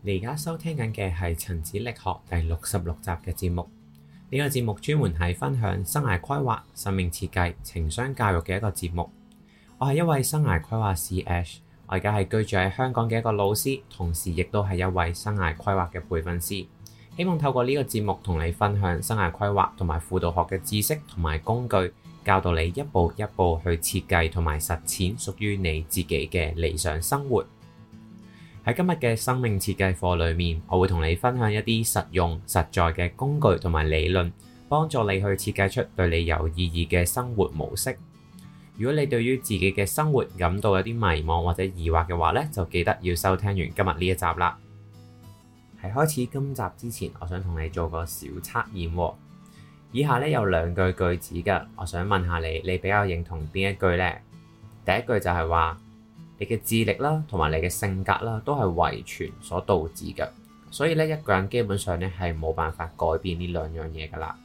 你而家收聽緊嘅係《陳子力學》第六十六集嘅節目，呢個節目專門係分享生涯規劃、生命設計、情商教育嘅一個節目。我係一位生涯規劃師 Ash，我而家係居住喺香港嘅一個老師，同時亦都係一位生涯規劃嘅培訓師。希望透過呢個節目同你分享生涯規劃同埋輔導學嘅知識同埋工具，教導你一步一步去設計同埋實踐屬於你自己嘅理想生活。喺今日嘅生命設計課裏面，我會同你分享一啲實用、實在嘅工具同埋理論，幫助你去設計出對你有意義嘅生活模式。如果你對於自己嘅生活感到有啲迷茫或者疑惑嘅話呢，就記得要收聽完今日呢一集啦。喺開始今集之前，我想同你做個小測驗。以下呢有兩句句子㗎，我想問下你，你比較認同邊一句呢？第一句就係話。你嘅智力啦，同埋你嘅性格啦，都係遺傳所導致嘅，所以咧，一個人基本上咧，係冇辦法改變呢兩樣嘢噶啦。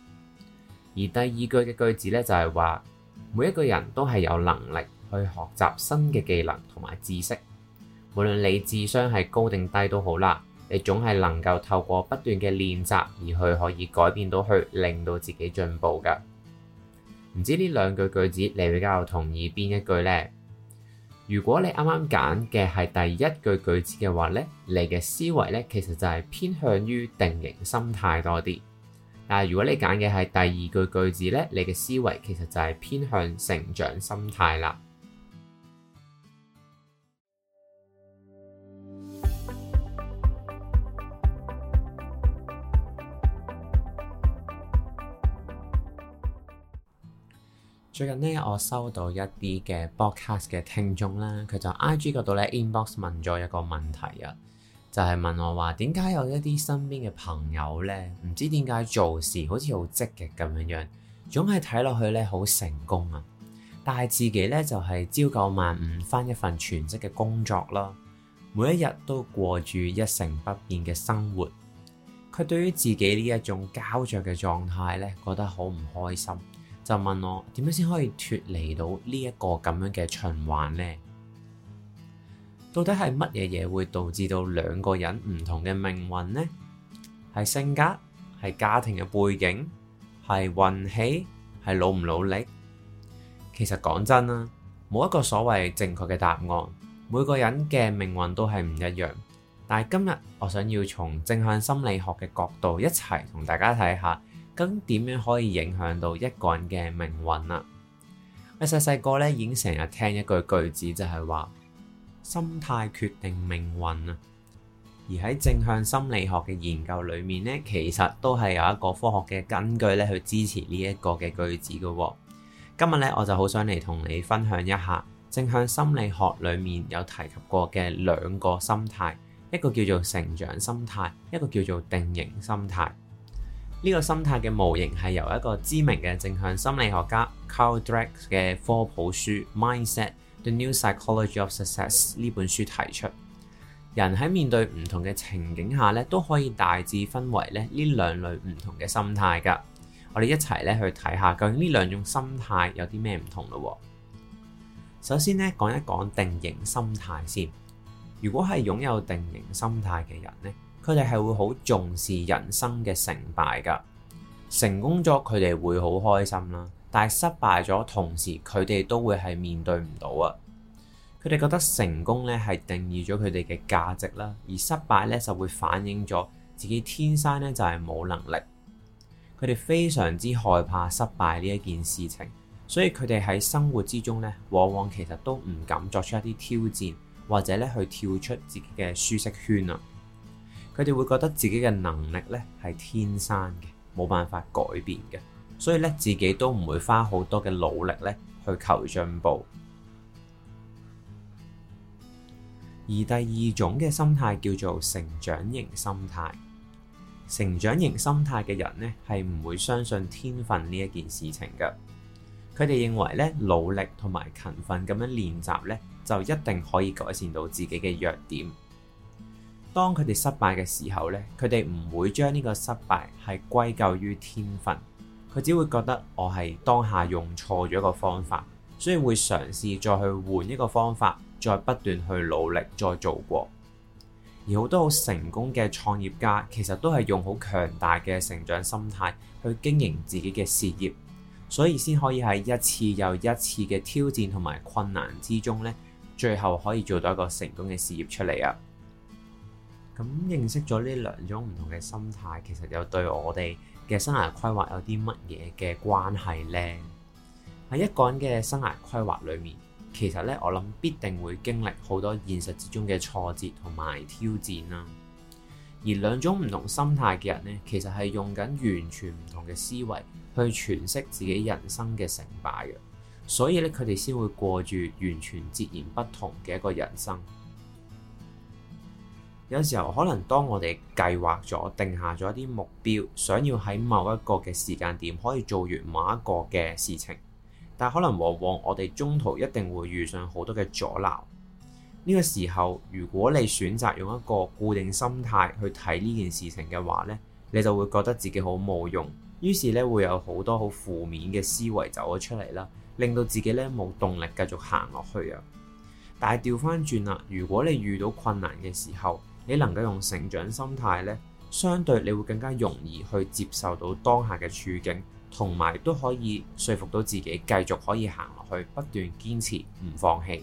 而第二句嘅句子咧，就係話，每一個人都係有能力去學習新嘅技能同埋知識，無論你智商係高定低都好啦，你總係能夠透過不斷嘅練習而去可以改變到去，令到自己進步嘅。唔知呢兩句句子你比較同意邊一句呢？如果你啱啱揀嘅係第一句句子嘅話呢，你嘅思維呢其實就係偏向於定型心態多啲。但如果你揀嘅係第二句句子呢，你嘅思維其實就係偏向成長心態啦。最近咧，我收到一啲嘅 podcast 嘅聽眾啦。佢就 I G 嗰度咧 inbox 問咗一個問題啊，就係、是、問我話點解有一啲身邊嘅朋友咧，唔知點解做事好似好積極咁樣樣，總係睇落去咧好成功啊，但係自己咧就係、是、朝九晚五，返一份全職嘅工作啦，每一日都過住一成不變嘅生活，佢對於自己呢一種膠着嘅狀態咧，覺得好唔開心。就問我點樣先可以脫離到呢一個咁樣嘅循環呢？到底係乜嘢嘢會導致到兩個人唔同嘅命運呢？係性格，係家庭嘅背景，係運氣，係努唔努力？其實講真啦，冇一個所謂正確嘅答案。每個人嘅命運都係唔一樣。但係今日我想要從正向心理學嘅角度一齊同大家睇下。我咁點樣可以影響到一個人嘅命運啊？細細個咧已經成日聽一句句子，就係話心態決定命運啊！而喺正向心理學嘅研究裏面咧，其實都係有一個科學嘅根據咧去支持呢一個嘅句子嘅。今日咧，我就好想嚟同你分享一下正向心理學裏面有提及過嘅兩個心態，一個叫做成長心態，一個叫做定型心態。呢個心態嘅模型係由一個知名嘅正向心理學家 Carol Dweck 嘅科普書《Mindset：The New Psychology of Success》呢本書提出。人喺面對唔同嘅情景下咧，都可以大致分為咧呢兩類唔同嘅心態㗎。我哋一齊咧去睇下究竟呢兩種心態有啲咩唔同咯。首先咧，講一講定型心態先。如果係擁有定型心態嘅人呢？佢哋係會好重視人生嘅成敗㗎，成功咗佢哋會好開心啦。但係失敗咗，同時佢哋都會係面對唔到啊。佢哋覺得成功咧係定義咗佢哋嘅價值啦，而失敗咧就會反映咗自己天生咧就係冇能力。佢哋非常之害怕失敗呢一件事情，所以佢哋喺生活之中咧，往往其實都唔敢作出一啲挑戰，或者咧去跳出自己嘅舒適圈啊。佢哋會覺得自己嘅能力呢係天生嘅，冇辦法改變嘅，所以呢自己都唔會花好多嘅努力呢去求進步。而第二種嘅心態叫做成長型心態。成長型心態嘅人呢係唔會相信天分呢一件事情嘅。佢哋認為呢努力同埋勤奮咁樣練習呢，就一定可以改善到自己嘅弱點。當佢哋失敗嘅時候呢，佢哋唔會將呢個失敗係歸咎於天分，佢只會覺得我係當下用錯咗一個方法，所以會嘗試再去換一個方法，再不斷去努力，再做過。而好多好成功嘅創業家，其實都係用好強大嘅成長心態去經營自己嘅事業，所以先可以喺一次又一次嘅挑戰同埋困難之中呢，最後可以做到一個成功嘅事業出嚟啊！咁認識咗呢兩種唔同嘅心態，其實又對我哋嘅生涯規劃有啲乜嘢嘅關係呢？喺一個人嘅生涯規劃裏面，其實咧我諗必定會經歷好多現實之中嘅挫折同埋挑戰啦。而兩種唔同心態嘅人咧，其實係用緊完全唔同嘅思維去詮釋自己人生嘅成敗嘅，所以咧佢哋先會過住完全截然不同嘅一個人生。有時候可能當我哋計劃咗、定下咗一啲目標，想要喺某一個嘅時間點可以做完某一個嘅事情，但可能往往我哋中途一定會遇上好多嘅阻撓。呢個時候，如果你選擇用一個固定心態去睇呢件事情嘅話呢，你就會覺得自己好冇用，於是呢，會有好多好負面嘅思維走咗出嚟啦，令到自己呢冇動力繼續行落去啊。但係調翻轉啦，如果你遇到困難嘅時候，你能夠用成長心態呢，相對你會更加容易去接受到當下嘅處境，同埋都可以說服到自己繼續可以行落去，不斷堅持唔放棄。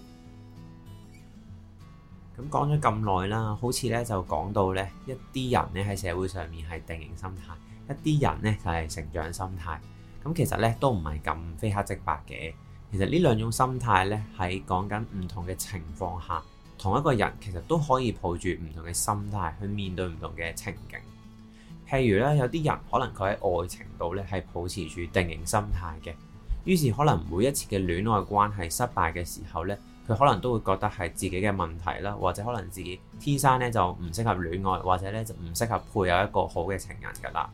咁講咗咁耐啦，好似呢就講到呢：一啲人呢喺社會上面係定型心態，一啲人呢就係成長心態。咁其實呢都唔係咁非黑即白嘅。其實呢兩種心態呢，喺講緊唔同嘅情況下。同一個人其實都可以抱住唔同嘅心態去面對唔同嘅情景。譬如咧有啲人可能佢喺愛情度咧係保持住定型心態嘅，於是可能每一次嘅戀愛關係失敗嘅時候咧，佢可能都會覺得係自己嘅問題啦，或者可能自己天生咧就唔適合戀愛，或者咧就唔適合配有一個好嘅情人㗎啦。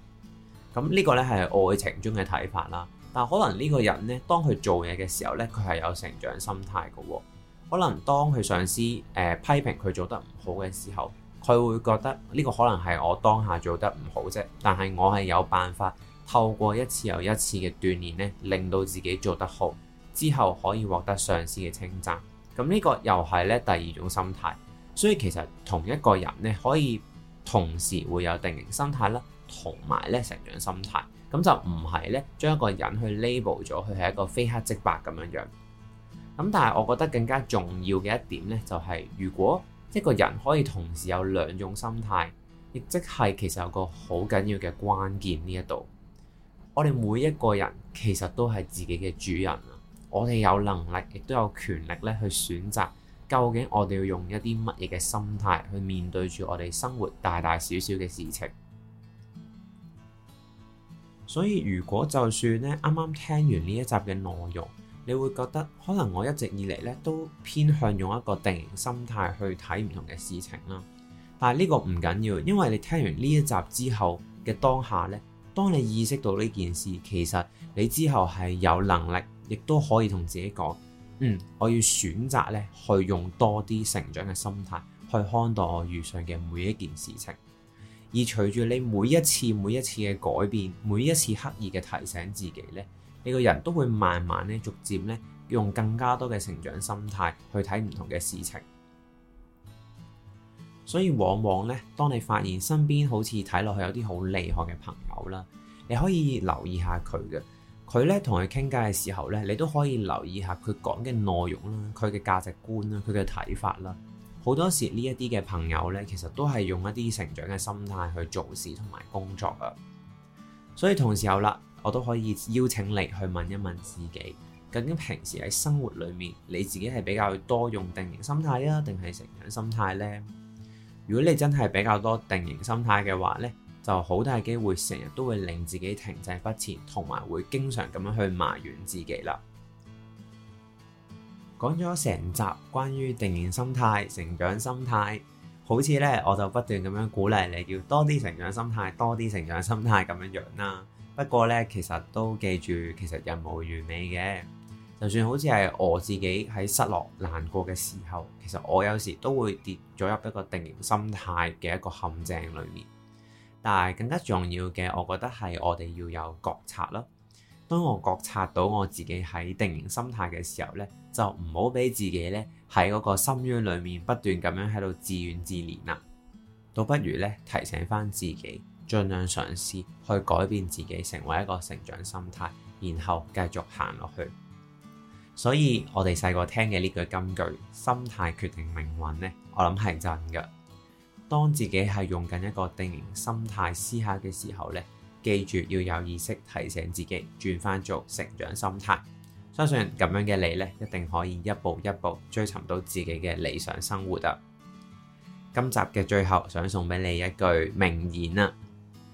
咁、嗯、呢、呢個咧係愛情中嘅睇法啦，但可能呢個人呢，當佢做嘢嘅時候咧，佢係有成長心態嘅喎。可能當佢上司誒、呃、批評佢做得唔好嘅時候，佢會覺得呢個可能係我當下做得唔好啫，但係我係有辦法透過一次又一次嘅鍛鍊呢，令到自己做得好，之後可以獲得上司嘅稱讚。咁呢個又係呢第二種心態。所以其實同一個人呢，可以同時會有定型心態啦，同埋呢成長心態。咁就唔係呢將一個人去 label 咗佢係一個非黑即白咁樣樣。咁但係，我覺得更加重要嘅一點呢，就係，就係如果一個人可以同時有兩種心態，亦即係其實有個好緊要嘅關鍵呢一度。我哋每一個人其實都係自己嘅主人啊！我哋有能力，亦都有權力咧去選擇，究竟我哋要用一啲乜嘢嘅心態去面對住我哋生活大大小小嘅事情。所以，如果就算呢啱啱聽完呢一集嘅內容。你會覺得可能我一直以嚟咧都偏向用一個定型心態去睇唔同嘅事情啦，但係呢個唔緊要，因為你聽完呢一集之後嘅當下咧，當你意識到呢件事，其實你之後係有能力，亦都可以同自己講，嗯，我要選擇咧去用多啲成長嘅心態去看待我遇上嘅每一件事情，而隨住你每一次每一次嘅改變，每一次刻意嘅提醒自己咧。你個人都會慢慢咧，逐漸咧，用更加多嘅成長心態去睇唔同嘅事情。所以往往咧，當你發現身邊好似睇落去有啲好厲害嘅朋友啦，你可以留意下佢嘅。佢咧同佢傾偈嘅時候咧，你都可以留意下佢講嘅內容啦、佢嘅價值觀啦、佢嘅睇法啦。好多時呢一啲嘅朋友咧，其實都係用一啲成長嘅心態去做事同埋工作啊。所以同時有啦。我都可以邀請你去問一問自己，究竟平時喺生活裏面你自己係比較多用定型心態啊，定係成長心態呢？如果你真係比較多定型心態嘅話呢，就好大機會成日都會令自己停滯不前，同埋會經常咁樣去埋怨自己啦。講咗成集關於定型心態、成長心態，好似呢，我就不斷咁樣鼓勵你要多啲成長心態，多啲成長心態咁樣樣啊啦。不過咧，其實都記住，其實任無完美人無完美嘅。就算好似係我自己喺失落難過嘅時候，其實我有時都會跌咗入一個定型心態嘅一個陷阱裡面。但係更加重要嘅，我覺得係我哋要有覺察囉。當我覺察到我自己喺定型心態嘅時候咧，就唔好俾自己咧喺嗰個深淵裡面不斷咁樣喺度自怨自憐啦。倒不如咧，提醒翻自己。盡量嘗試去改變自己，成為一個成長心態，然後繼續行落去。所以我哋細個聽嘅呢句金句“心態決定命運呢”呢，我諗係真㗎。當自己係用緊一個定型心態思考嘅時候呢，記住要有意識提醒自己轉翻做成長心態。相信咁樣嘅你呢，一定可以一步一步追尋到自己嘅理想生活啊！今集嘅最後，想送俾你一句名言啊！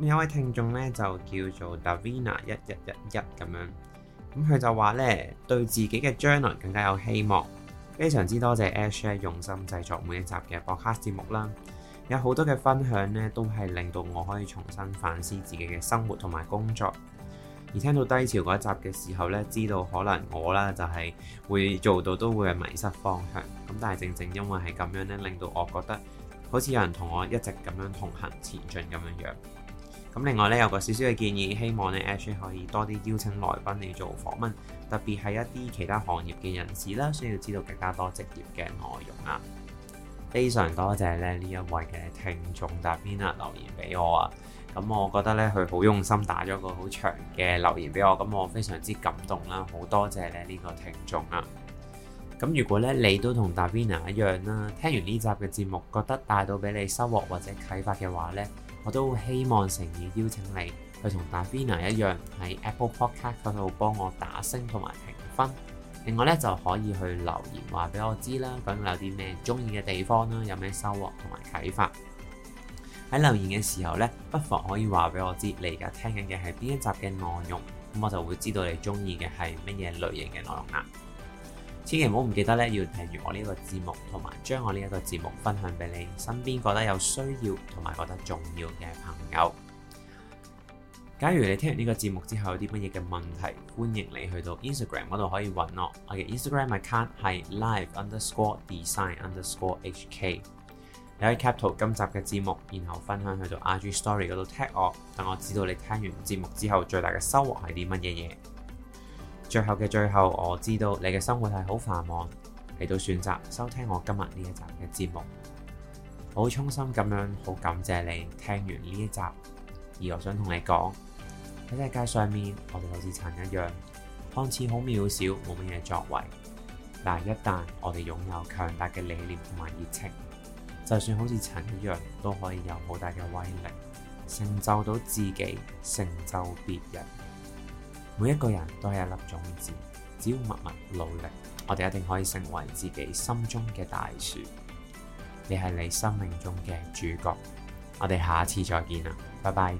有位聽眾咧，就叫做 Davina 一一一一咁樣。咁、嗯、佢就話咧，對自己嘅將來更加有希望。非常之多謝 Ash 咧用心製作每一集嘅播客節目啦。有好多嘅分享呢，都係令到我可以重新反思自己嘅生活同埋工作。而聽到低潮嗰一集嘅時候呢，知道可能我啦就係、是、會做到都會係迷失方向。咁但係正正因為係咁樣呢，令到我覺得好似有人同我一直咁樣同行前進咁樣樣。咁另外咧，有個少少嘅建議，希望咧 Ash 可以多啲邀請來賓嚟做訪問，特別係一啲其他行業嘅人士啦，需要知道更加多職業嘅內容啊！非常多謝咧呢一位嘅聽眾 Davina 留言俾我啊！咁我覺得咧佢好用心打咗個好長嘅留言俾我，咁我非常之感動啦，好多謝咧呢、這個聽眾啊！咁如果咧你都同 Davina 一樣啦，聽完呢集嘅節目，覺得帶到俾你收穫或者啟發嘅話咧～我都希望誠意邀請你，去同 Davina 一樣喺 Apple Podcast 嗰度幫我打星同埋評分。另外咧，就可以去留言話俾我知啦，咁有啲咩中意嘅地方啦，有咩收穫同埋啟發。喺留言嘅時候咧，不妨可以話俾我知，你而家聽緊嘅係邊一集嘅內容，咁我就會知道你中意嘅係乜嘢類型嘅內容啦。千祈唔好唔記得咧，要聽完我呢個節目，同埋將我呢一個節目分享俾你身邊覺得有需要同埋覺得重要嘅朋友。假如你聽完呢個節目之後有啲乜嘢嘅問題，歡迎你去到 Instagram 嗰度可以揾我。我嘅 Instagram account 係 life underscore design underscore hk。你可以 cap 圖今集嘅節目，然後分享去到 IG Story 嗰度 tag 我，等我知道你聽完節目之後最大嘅收穫係啲乜嘢嘢。最後嘅最後，我知道你嘅生活係好繁忙，嚟到選擇收聽我今日呢一集嘅節目，好衷心咁樣好感謝你聽完呢一集，而我想同你講喺世界上面，我哋好似塵一樣，看似好渺小，冇乜嘢作為。但係一旦我哋擁有強大嘅理念同埋熱情，就算好似塵一樣，都可以有好大嘅威力，成就到自己，成就別人。每一個人都係一粒種子，只要默默努力，我哋一定可以成為自己心中嘅大樹。你係你生命中嘅主角，我哋下次再見啦，拜拜。